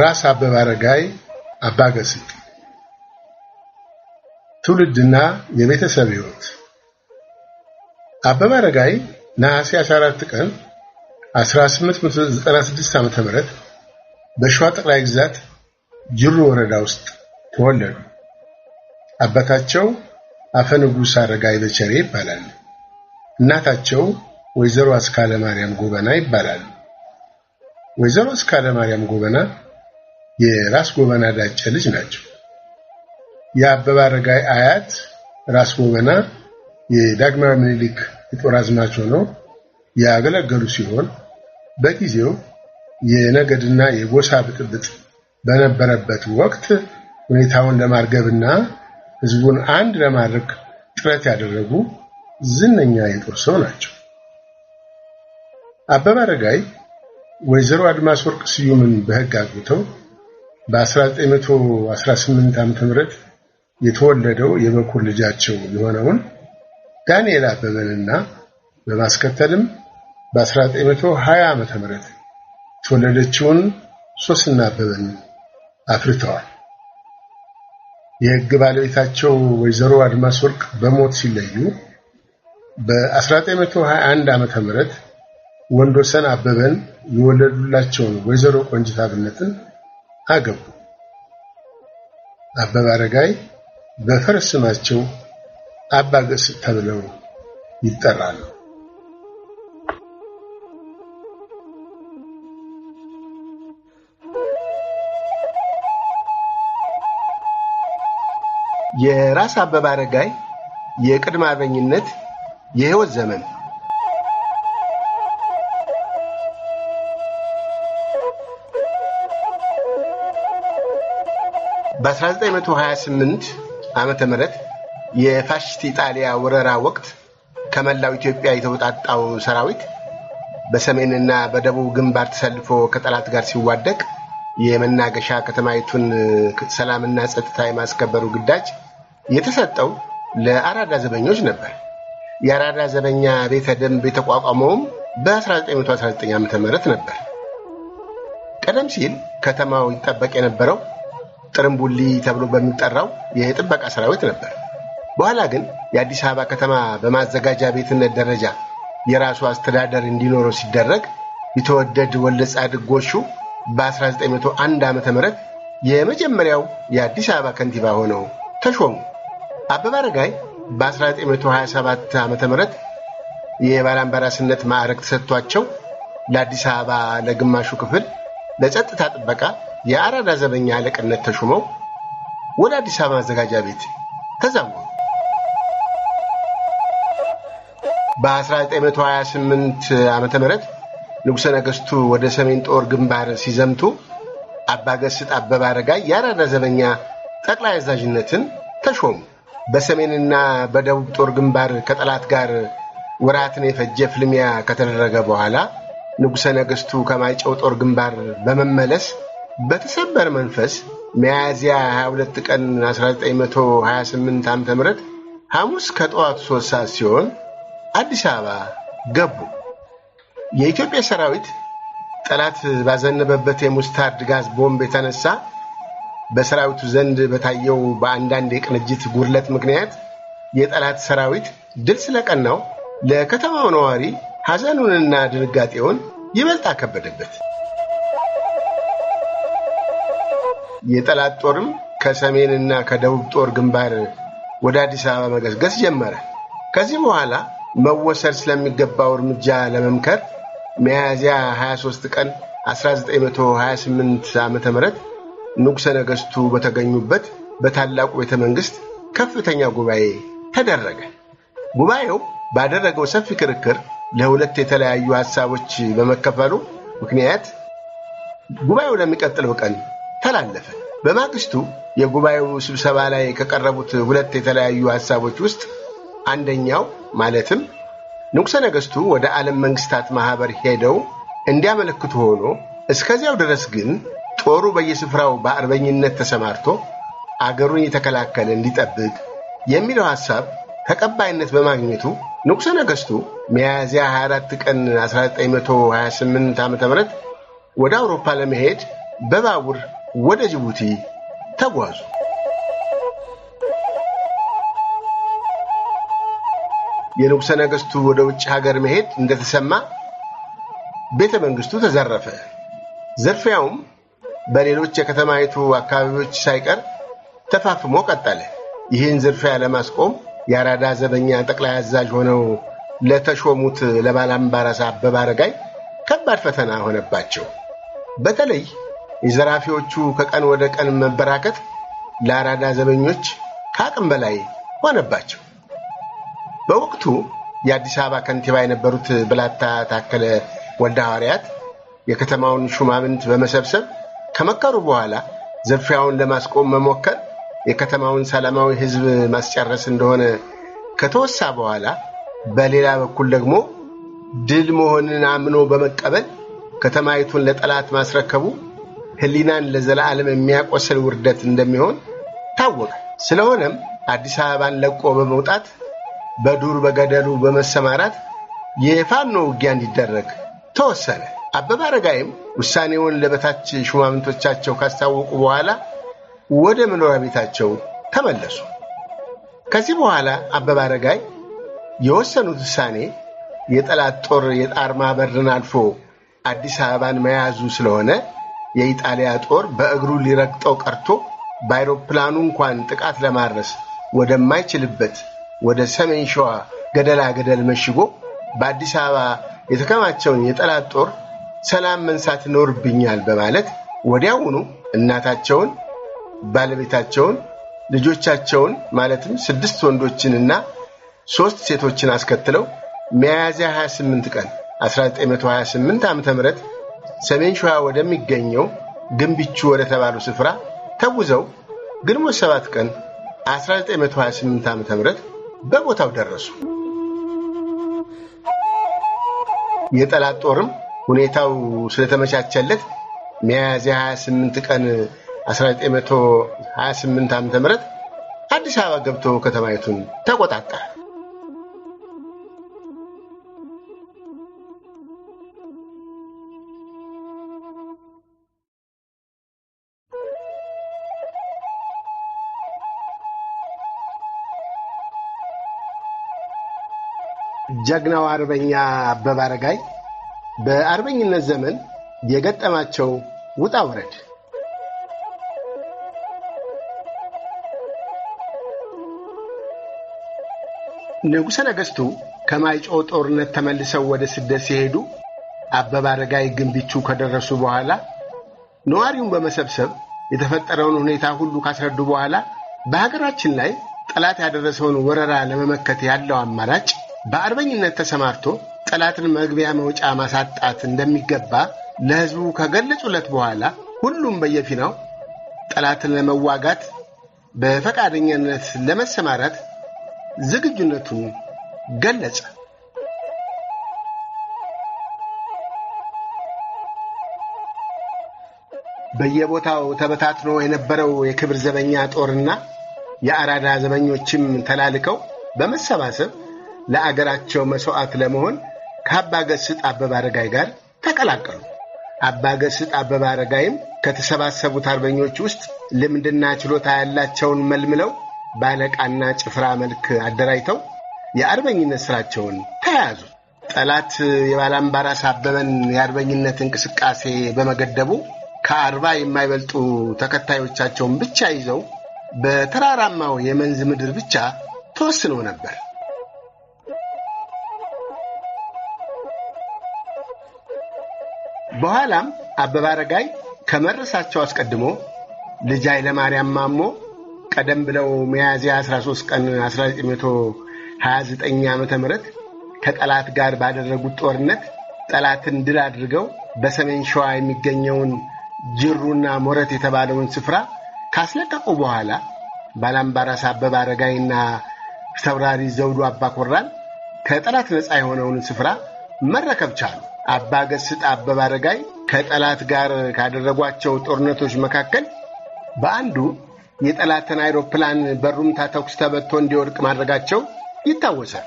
ራስ አበበ አረጋይ አባገስጥ ትውልድና የቤተሰብ ሕይወት አበበ አረጋይ ነሐሴ 14 ቀን 1896 ዓ.ም በሸዋ ጠቅላይ ግዛት ጅሩ ወረዳ ውስጥ ተወለዱ። አባታቸው አፈ ንጉሥ አረጋይ በቸሬ ይባላል። እናታቸው ወይዘሮ አስካለ ማርያም ጎበና ይባላሉ። ወይዘሮ አስካለ ማርያም ጎበና የራስ ጎበና ዳጨ ልጅ ናቸው። የአበበ አረጋይ አያት ራስ ጎበና የዳግማዊ ምኒልክ የጦር አዝማች ሆነው ያገለገሉ ሲሆን በጊዜው የነገድና የጎሳ ብጥብጥ በነበረበት ወቅት ሁኔታውን ለማርገብና ሕዝቡን አንድ ለማድረግ ጥረት ያደረጉ ዝነኛ የጦር ሰው ናቸው። አበበ አረጋይ ወይዘሮ አድማስ ወርቅ ስዩምን በሕግ አግብተው በ1918 ዓ.ም የተወለደው የበኩር ልጃቸው የሆነውን ዳንኤል አበበንና በማስከተልም በ1920 ዓ.ም የተወለደችውን ሶስና አበበን አፍርተዋል። የሕግ ባለቤታቸው ወይዘሮ አድማስ ወርቅ በሞት ሲለዩ በ1921 ዓ.ም ወንዶሰን አበበን የወለዱላቸውን ወይዘሮ ቆንጅት አብነትን አገቡ። አበበ አረጋይ በፈረስ ስማቸው አባ ገስ ተብለው ይጠራሉ። የራስ አበበ አረጋይ የቅድመ አርበኝነት የህይወት ዘመን በ1928 ዓመተ ምህረት የፋሽስት ኢጣሊያ ወረራ ወቅት ከመላው ኢትዮጵያ የተውጣጣው ሰራዊት በሰሜንና በደቡብ ግንባር ተሰልፎ ከጠላት ጋር ሲዋደቅ የመናገሻ ከተማይቱን ሰላምና ጸጥታ የማስከበሩ ግዳጅ የተሰጠው ለአራዳ ዘበኞች ነበር። የአራዳ ዘበኛ ቤተ ደንብ የተቋቋመውም በ1919 ም ነበር። ቀደም ሲል ከተማው ይጠበቅ የነበረው ጥርምቡሊ ተብሎ በሚጠራው የጥበቃ ሰራዊት ነበር። በኋላ ግን የአዲስ አበባ ከተማ በማዘጋጃ ቤትነት ደረጃ የራሱ አስተዳደር እንዲኖረው ሲደረግ የተወደድ ወልደ ጻድቅ ጎሹ በ1901 ዓ ም የመጀመሪያው የአዲስ አበባ ከንቲባ ሆነው ተሾሙ። አበበ አረጋይ በ1927 ዓ ም የባላምባራስነት ማዕረግ ተሰጥቷቸው ለአዲስ አበባ ለግማሹ ክፍል ለጸጥታ ጥበቃ የአራዳ ዘበኛ አለቅነት ተሹመው ወደ አዲስ አበባ ማዘጋጃ ቤት ተዛወሩ። በ1928 ዓ ም ንጉሠ ነገሥቱ ወደ ሰሜን ጦር ግንባር ሲዘምቱ አባገስጥ አበበ አረጋይ የአራዳ ዘበኛ ጠቅላይ አዛዥነትን ተሾሙ። በሰሜንና በደቡብ ጦር ግንባር ከጠላት ጋር ወራትን የፈጀ ፍልሚያ ከተደረገ በኋላ ንጉሠ ነገሥቱ ከማይጨው ጦር ግንባር በመመለስ በተሰበረ መንፈስ ሚያዝያ 22 ቀን 1928 ም ሐሙስ ከጠዋቱ 3 ሰዓት ሲሆን አዲስ አበባ ገቡ። የኢትዮጵያ ሰራዊት ጠላት ባዘነበበት የሙስታርድ ጋዝ ቦምብ የተነሳ በሰራዊቱ ዘንድ በታየው በአንዳንድ የቅንጅት ጉድለት ምክንያት የጠላት ሰራዊት ድል ስለቀናው ለከተማው ነዋሪ ሐዘኑንና ድንጋጤውን ይበልጥ አከበደበት። የጠላት ጦርም ከሰሜንና ከደቡብ ጦር ግንባር ወደ አዲስ አበባ መገስገስ ጀመረ። ከዚህ በኋላ መወሰድ ስለሚገባው እርምጃ ለመምከር ሚያዝያ 23 ቀን 1928 ዓ ም ንጉሠ ነገሥቱ በተገኙበት በታላቁ ቤተ መንግሥት ከፍተኛ ጉባኤ ተደረገ። ጉባኤው ባደረገው ሰፊ ክርክር ለሁለት የተለያዩ ሐሳቦች በመከፈሉ ምክንያት ጉባኤው ለሚቀጥለው ቀን ተላለፈ። በማግስቱ የጉባኤው ስብሰባ ላይ ከቀረቡት ሁለት የተለያዩ ሐሳቦች ውስጥ አንደኛው ማለትም ንጉሠ ነገሥቱ ወደ ዓለም መንግሥታት ማኅበር ሄደው እንዲያመለክቱ ሆኖ እስከዚያው ድረስ ግን ጦሩ በየስፍራው በአርበኝነት ተሰማርቶ አገሩን የተከላከለ እንዲጠብቅ የሚለው ሐሳብ ተቀባይነት በማግኘቱ ንጉሠ ነገሥቱ ሚያዝያ 24 ቀን 1928 ዓ ም ወደ አውሮፓ ለመሄድ በባቡር ወደ ጅቡቲ ተጓዙ። የንጉሠ ነገሥቱ ወደ ውጭ ሀገር መሄድ እንደተሰማ ቤተ መንግሥቱ ተዘረፈ። ዝርፊያውም በሌሎች የከተማይቱ አካባቢዎች ሳይቀር ተፋፍሞ ቀጠለ። ይህን ዝርፊያ ለማስቆም የአራዳ ዘበኛ ጠቅላይ አዛዥ ሆነው ለተሾሙት ለባላምባራስ አበበ አረጋይ ከባድ ፈተና ሆነባቸው። በተለይ የዘራፊዎቹ ከቀን ወደ ቀን መበራከት ለአራዳ ዘበኞች ከአቅም በላይ ሆነባቸው። በወቅቱ የአዲስ አበባ ከንቲባ የነበሩት ብላታ ታከለ ወልደ ሐዋርያት የከተማውን ሹማምንት በመሰብሰብ ከመከሩ በኋላ ዝርፊያውን ለማስቆም መሞከር የከተማውን ሰላማዊ ሕዝብ ማስጨረስ እንደሆነ ከተወሳ በኋላ በሌላ በኩል ደግሞ ድል መሆንን አምኖ በመቀበል ከተማይቱን ለጠላት ማስረከቡ ህሊናን ለዘላለም የሚያቆስል ውርደት እንደሚሆን ታወቀ። ስለሆነም አዲስ አበባን ለቆ በመውጣት በዱር በገደሉ በመሰማራት የፋኖ ውጊያ እንዲደረግ ተወሰነ። አበበ አረጋይም ውሳኔውን ለበታች ሹማምንቶቻቸው ካስታወቁ በኋላ ወደ መኖሪያ ቤታቸው ተመለሱ። ከዚህ በኋላ አበበ አረጋይ የወሰኑት ውሳኔ የጠላት ጦር የጣርማ በርን አልፎ አዲስ አበባን መያዙ ስለሆነ የኢጣሊያ ጦር በእግሩ ሊረግጠው ቀርቶ በአይሮፕላኑ እንኳን ጥቃት ለማድረስ ወደማይችልበት ወደ ሰሜን ሸዋ ገደላ ገደል መሽጎ በአዲስ አበባ የተከማቸውን የጠላት ጦር ሰላም መንሳት ይኖርብኛል በማለት ወዲያውኑ እናታቸውን፣ ባለቤታቸውን፣ ልጆቻቸውን ማለትም ስድስት ወንዶችንና ሶስት ሴቶችን አስከትለው ሚያዝያ 28 ቀን 1928 ዓ.ም ሰሜን ሸዋ ወደሚገኘው ግንብቹ ወደ ተባሉ ስፍራ ተጉዘው ግንቦት 7 ቀን 1928 ም በቦታው ደረሱ። የጠላት ጦርም ሁኔታው ስለተመቻቸለት ሚያዝያ 28 ቀን 1928 ዓ ም አዲስ አበባ ገብቶ ከተማይቱን ተቆጣጠረ። ጀግናው አርበኛ አበበ አረጋይ በአርበኝነት ዘመን የገጠማቸው ውጣ ውረድ ንጉሠ ነገሥቱ ከማይጮ ጦርነት ተመልሰው ወደ ስደት ሲሄዱ አበበ አረጋይ ግንቢቹ ከደረሱ በኋላ ነዋሪውን በመሰብሰብ የተፈጠረውን ሁኔታ ሁሉ ካስረዱ በኋላ በሀገራችን ላይ ጠላት ያደረሰውን ወረራ ለመመከት ያለው አማራጭ በአርበኝነት ተሰማርቶ ጠላትን መግቢያ መውጫ ማሳጣት እንደሚገባ ለሕዝቡ ከገለጹለት በኋላ ሁሉም በየፊናው ጠላትን ለመዋጋት በፈቃደኛነት ለመሰማራት ዝግጁነቱን ገለጸ። በየቦታው ተበታትኖ የነበረው የክብር ዘበኛ ጦርና የአራዳ ዘበኞችም ተላልከው በመሰባሰብ ለአገራቸው መሥዋዕት ለመሆን ከአባ ገስጥ አበበ አረጋይ ጋር ተቀላቀሉ። አባ ገስጥ አበበ አረጋይም ከተሰባሰቡት አርበኞች ውስጥ ልምድና ችሎታ ያላቸውን መልምለው ባለቃና ጭፍራ መልክ አደራጅተው የአርበኝነት ስራቸውን ተያያዙ። ጠላት የባላምባራስ አበበን የአርበኝነት እንቅስቃሴ በመገደቡ ከአርባ የማይበልጡ ተከታዮቻቸውን ብቻ ይዘው በተራራማው የመንዝ ምድር ብቻ ተወስነው ነበር። በኋላም አበበ አረጋይ ከመድረሳቸው አስቀድሞ ልጅ ኃይለማርያም ማሞ ቀደም ብለው ሚያዝያ 13 ቀን 1929 ዓ ም ከጠላት ጋር ባደረጉት ጦርነት ጠላትን ድል አድርገው በሰሜን ሸዋ የሚገኘውን ጅሩና ሞረት የተባለውን ስፍራ ካስለቀቁ በኋላ ባላምባራስ አበበ አረጋይና ተውራሪ ዘውዱ አባኮራን ከጠላት ነፃ የሆነውን ስፍራ መረከብ ቻሉ። አባገስጥ አበበ አረጋይ ከጠላት ጋር ካደረጓቸው ጦርነቶች መካከል በአንዱ የጠላትን አይሮፕላን በሩምታ ተኩስ ተበቶ እንዲወድቅ ማድረጋቸው ይታወሳል።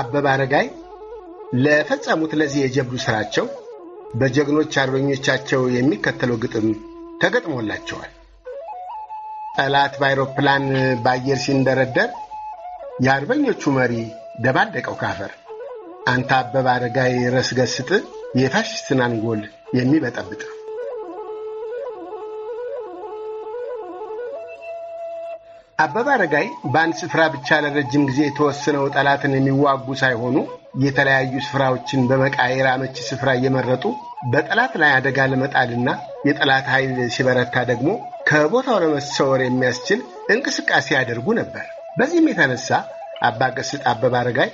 አበበ አረጋይ ለፈጸሙት ለዚህ የጀብዱ ስራቸው በጀግኖች አርበኞቻቸው የሚከተለው ግጥም ተገጥሞላቸዋል። ጠላት በአይሮፕላን በአየር ሲንደረደር የአርበኞቹ መሪ ደባደቀው ካፈር። አንተ አበበ አረጋይ ረስገስጥ የፋሽስትን አንጎል የሚበጠብጥ አበበ አረጋይ በአንድ ስፍራ ብቻ ለረጅም ጊዜ የተወሰነው ጠላትን የሚዋጉ ሳይሆኑ የተለያዩ ስፍራዎችን በመቃየር አመቺ ስፍራ እየመረጡ በጠላት ላይ አደጋ ለመጣልና የጠላት ኃይል ሲበረታ ደግሞ ከቦታው ለመሰወር የሚያስችል እንቅስቃሴ ያደርጉ ነበር። በዚህም የተነሳ አባ ገስጥ አበባ አረጋይ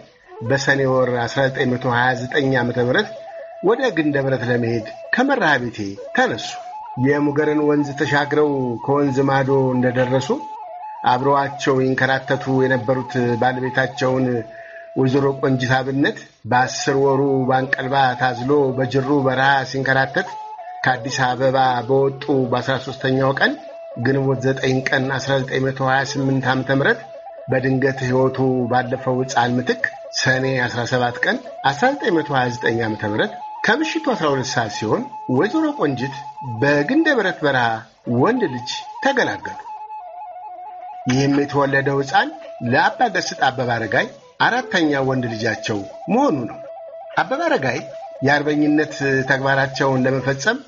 በሰኔ ወር 1929 ዓ ም ወደ ግንደ ለመሄድ ከመርሃ ቤቴ ተነሱ። የሙገርን ወንዝ ተሻግረው ከወንዝ ማዶ እንደደረሱ አብረዋቸው ይንከራተቱ የነበሩት ባለቤታቸውን ወይዘሮ ቆንጅት አብነት በአስር ወሩ ባንቀልባ ታዝሎ በጅሩ በረሃ ሲንከራተት ከአዲስ አበባ በወጡ በ13ኛው ቀን ግንቦት 9 ቀን 1928 ዓ ም በድንገት ሕይወቱ ባለፈው ሕፃን ምትክ ሰኔ 17 ቀን 1929 ዓ ም ከምሽቱ 12 ሰዓት ሲሆን ወይዘሮ ቆንጅት በግንደ በረት በረሃ ወንድ ልጅ ተገላገሉ። ይህም የተወለደው ሕፃን ለአባ ገስጥ አበባ አረጋይ አራተኛ ወንድ ልጃቸው መሆኑ ነው። አበባ አረጋይ የአርበኝነት ተግባራቸውን ለመፈጸም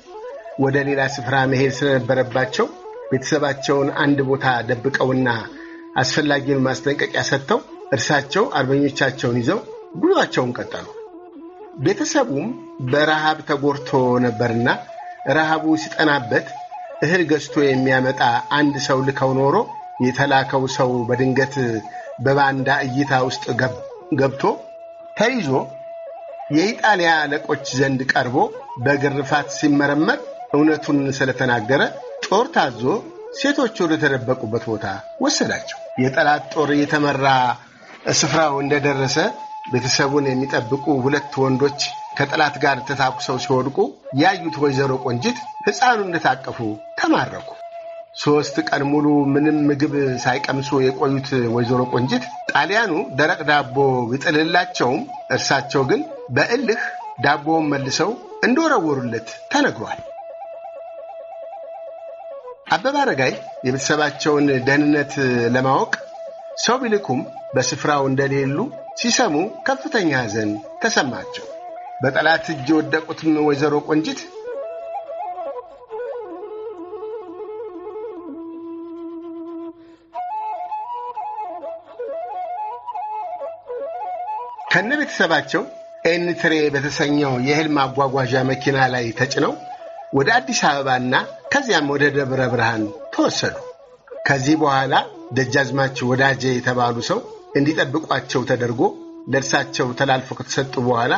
ወደ ሌላ ስፍራ መሄድ ስለነበረባቸው ቤተሰባቸውን አንድ ቦታ ደብቀውና አስፈላጊውን ማስጠንቀቂያ ሰጥተው እርሳቸው አርበኞቻቸውን ይዘው ጉዟቸውን ቀጠሉ። ቤተሰቡም በረሃብ ተጎድቶ ነበርና ረሃቡ ሲጠናበት እህል ገዝቶ የሚያመጣ አንድ ሰው ልከው ኖሮ የተላከው ሰው በድንገት በባንዳ እይታ ውስጥ ገብቶ ተይዞ የኢጣሊያ አለቆች ዘንድ ቀርቦ በግርፋት ሲመረመር እውነቱን ስለተናገረ ጦር ታዞ ሴቶች ወደ ተደበቁበት ቦታ ወሰዳቸው። የጠላት ጦር የተመራ ስፍራው እንደደረሰ ቤተሰቡን የሚጠብቁ ሁለት ወንዶች ከጠላት ጋር ተታኩሰው ሲወድቁ ያዩት ወይዘሮ ቆንጂት ሕፃኑ እንደታቀፉ ተማረኩ። ሦስት ቀን ሙሉ ምንም ምግብ ሳይቀምሱ የቆዩት ወይዘሮ ቆንጂት ጣሊያኑ ደረቅ ዳቦ ቢጥልላቸውም እርሳቸው ግን በእልህ ዳቦውን መልሰው እንደወረወሩለት ተነግሯል። አበበ አረጋይ የቤተሰባቸውን ደህንነት ለማወቅ ሰው ቢልኩም በስፍራው እንደሌሉ ሲሰሙ ከፍተኛ ሐዘን ተሰማቸው። በጠላት እጅ የወደቁትም ወይዘሮ ቆንጂት ከነ ቤተሰባቸው ኤንትሬ በተሰኘው የእህል ማጓጓዣ መኪና ላይ ተጭነው ወደ አዲስ አበባና ከዚያም ወደ ደብረ ብርሃን ተወሰዱ። ከዚህ በኋላ ደጃዝማች ወዳጄ የተባሉ ሰው እንዲጠብቋቸው ተደርጎ ለእርሳቸው ተላልፎ ከተሰጡ በኋላ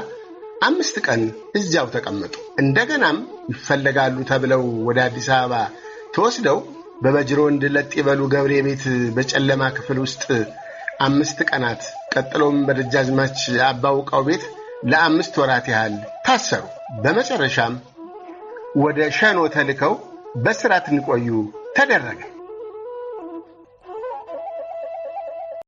አምስት ቀን እዚያው ተቀመጡ። እንደገናም ይፈለጋሉ ተብለው ወደ አዲስ አበባ ተወስደው በበጅሮ እንድለጥ ይበሉ ገብሬ ቤት በጨለማ ክፍል ውስጥ አምስት ቀናት ቀጥሎም በደጃዝማች አባውቃው ቤት ለአምስት ወራት ያህል ታሰሩ። በመጨረሻም ወደ ሸኖ ተልከው በስራት እንቆዩ ተደረገ።